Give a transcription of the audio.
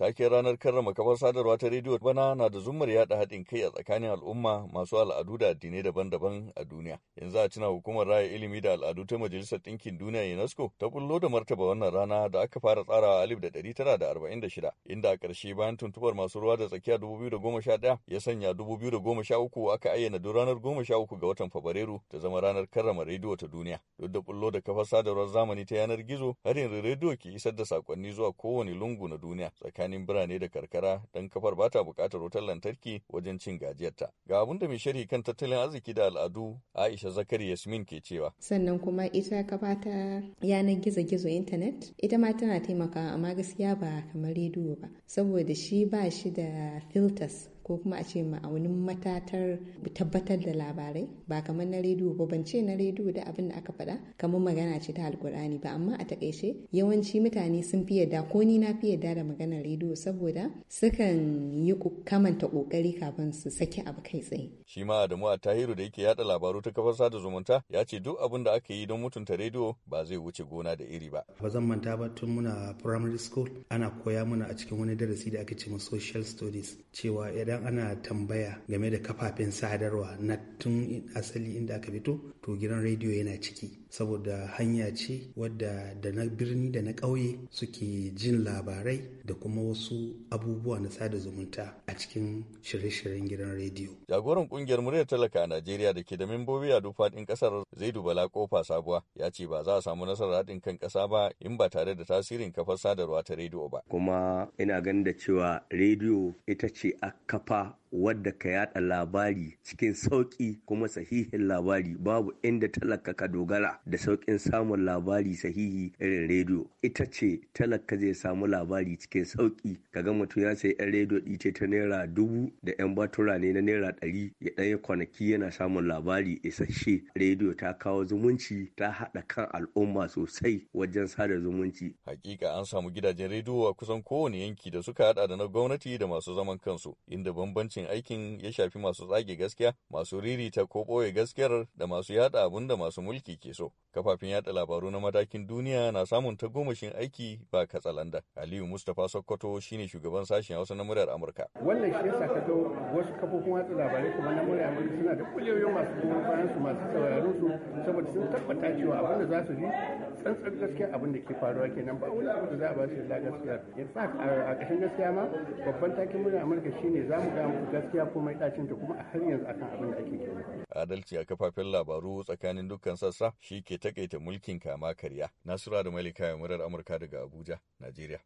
ta Taken ranar karrama kafar sadarwa ta rediyo bana na da zumar yada haɗin kai a tsakanin al'umma masu al'adu da addinai daban-daban a duniya. Yanzu a cina hukumar raya ilimi da al'adu ta Majalisar Ɗinkin Duniya UNESCO ta bullo da martaba wannan rana da aka fara tsarawa alif da ɗari tara da arba'in da shida inda a ƙarshe bayan tuntubar masu ruwa da tsakiya dubu biyu da goma sha ɗaya ya sanya dubu biyu da goma sha uku aka ayyana duk ranar goma sha uku ga watan Fabrairu ta zama ranar karrama rediyo ta duniya. Duk da bullo da kafar sadarwar zamani ta yanar gizo har rediyo ke isar da sakonni zuwa kowane lungu na duniya tsakanin tsakanin birane da karkara don kafar ba ta buƙatar wutar lantarki wajen cin gajiyarta. Ga abin da mai sharhi kan tattalin arziki da al'adu Aisha Zakari Yasmin ke cewa. Sannan kuma ita kafa ta yanar gizo-gizo intanet ita ma tana taimakawa amma gaskiya ba kamar rediyo ba saboda shi ba shi da filters ko kuma a ce ma'aunin matatar tabbatar da labarai ba kamar na rediyo ba ban ce na rediyo da abin da aka faɗa kamar magana ce ta alkur'ani ba amma a takaice yawanci mutane sun fi yadda ko ni na fi yadda da maganar rediyo saboda sukan yi kamanta kokari kafin su saki abu kai tsaye shi ma Adamu a Tahiru da yake yada labaru ta kafar sada zumunta ya ce duk abin da aka yi don mutunta rediyo ba zai wuce gona da iri ba ba zan manta ba tun muna primary school ana koya mana a cikin wani darasi da ake ce social studies cewa idan ana tambaya game da kafafen sadarwa na tun asali inda aka fito to gidan rediyo yana ciki saboda hanya ce wadda da na birni da na ƙauye suke jin labarai da kuma wasu abubuwa na sada zumunta a cikin shirye-shiryen gidan rediyo. Jagoran kungiyar muryar talaka a Najeriya da ke da membobi a duk faɗin ƙasar zai Bala Kofa Sabuwa ya ce ba za a samu nasarar haɗin kan ƙasa ba in ba tare da tasirin kafar sadarwa ta rediyo ba. Kuma ina ganin da cewa rediyo ita ce aka kafa wadda ka yada labari cikin sauƙi kuma sahihin labari babu inda talaka ka dogara da sauƙin samun labari sahihi irin rediyo ita ce talaka zai samu labari cikin sauƙi ka gama mutum ya sayi yan rediyo ɗice ta naira dubu da yan batura ne na naira ɗari ya ɗaya kwanaki yana samun labari isasshe rediyo ta kawo zumunci ta haɗa kan al'umma sosai wajen sada zumunci. Hakika an samu gidajen rediyo a kusan kowane yanki da suka haɗa da na gwamnati da masu zaman kansu inda da bambancin aikin ya shafi masu tsage gaskiya, masu ririta ko ɓoye gaskiyar da masu yada abun da masu mulki ke so. Kafafen yada labaru na matakin duniya na samun tagomashin aiki ba katsalanda. Aliyu Mustapha Sokoto shine shugaban sashen Hausa na muryar Amurka. Wannan shi yasa ka wasu kafofin watsa labarai kuma na muryar Amurka suna da kuliyoyin masu goyon faransu masu sauraro su saboda sun tabbata cewa abin da za su ji tsantsan gaskiya abin da ke faruwa kenan ba wani abu da za a ba su da gaskiya. yasa a ƙarshen gaskiya ma babban takin muryar Amurka shine za gaskiya komai ɗacin ta kuma har yanzu akan abin da ake kenan. Adalci a kafafen labaru tsakanin dukkan sassa shi ke takaita mulkin kama karya. Nasura da Malika murar Amurka daga Abuja, Najeriya.